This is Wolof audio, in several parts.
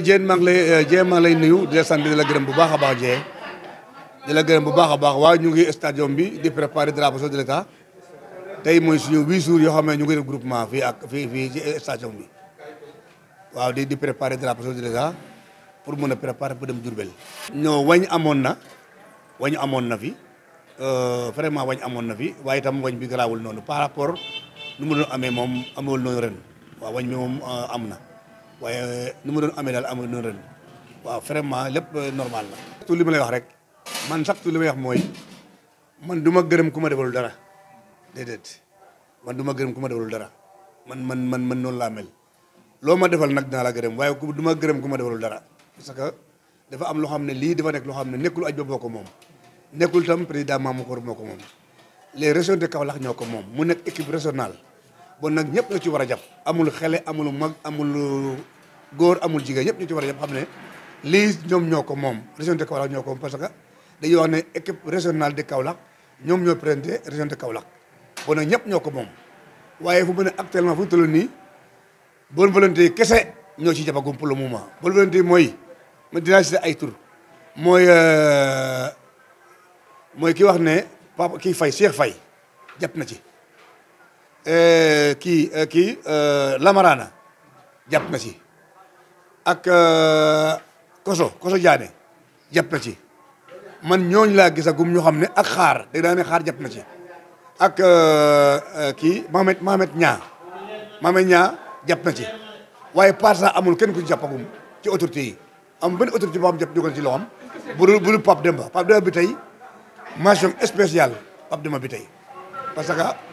Diène maa ngi lay euh, Diène lay nuyu di la sant la gërëm bu baax a baax Diène di la gërëm bu baax a baax waaye ñu ngi stadium bi di préparer drapeau de l'état tey mooy suñu huit jours yoo xam ne ñu ngi def groupement fii ak fii fii ci stadium bi waaw di di préparer drapeau de pour mën a préparer pour dem Diourbel. non wañ amoon na wañ amoon na fi euh, vraiment wañ amoon na fi waaye itam wañ bi garaawul noonu par rapport nu mu doon amee moom amoon noonu ren waaw wañ bi moom euh, am na. waaye nu mu doon amee daal amul noonu ren waaw vraiment lépp normal la tout li ma lay wax rek man sax tout li may wax mooy man duma gërëm ku ma defalul dara déedéet man du ma gërëm ku ma defalul dara man man man man noonu laa mel loo ma defal nag daal la gërëm waaye ku du gërëm ku ma defalul dara parce que dafa am loo xam ne lii dafa nekk loo xam ne nekkul aj ba boo ko moom nekkul tam président Mamour moo ko moom les régions de Kaolack ñoo ko moom mu nekk équipe régionale. bon nag ñëpp nga ci war a jàpp amul xele amul mag amul góor amul jigéen ñëpp ñu ci war a jàpp xam ne lii ñoom ñoo ko moom région de Kaolack ñoo ko parce que dañuy wax ne équipe régionale de Kaolack ñoom ñoo présenté région de Kaolack bon nag ñëpp ñoo ko moom waaye fu mu ne actuellement fu ñu toll nii bonne volonté kese ñoo ci jàppagum pour le moment bonne volonté mooy ma dinaa cité ay tur mooy euh, mooy ki wax ne papa kii fay Cheikh fay jàpp na ci Eh, kii eh, kii eh, Lamarana jàpp na ci ak Koso Koso Diané jàpp na ci man ñooñ laa gisagum ñoo xam ne ak xaar dégg naa xaar jàpp na ci ak kii Mohamed Mohamed Niang Mohamed Niang jàpp na ci waaye par ça amul kenn ku ci jàppagum ci autorité yi am benn autorité boo xam jàpp jógal ci loxoom bu dul bu dul Pape Demba Pape Demba bi tey mention spéciale Pape Demba bi tey parce que.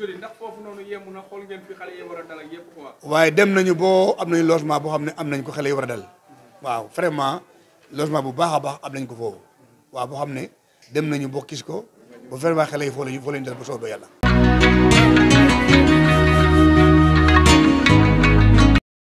joli waaye dem nañu boo am nañu logement boo xam ne am nañ ko xale yi war a dal waaw vraiment logement bu baax a baax am nañ ko foofu waaw boo xam ne dem nañu boo gis ko ba vraiment xale yi foo lañu foo lañu dal ba soobee yàlla.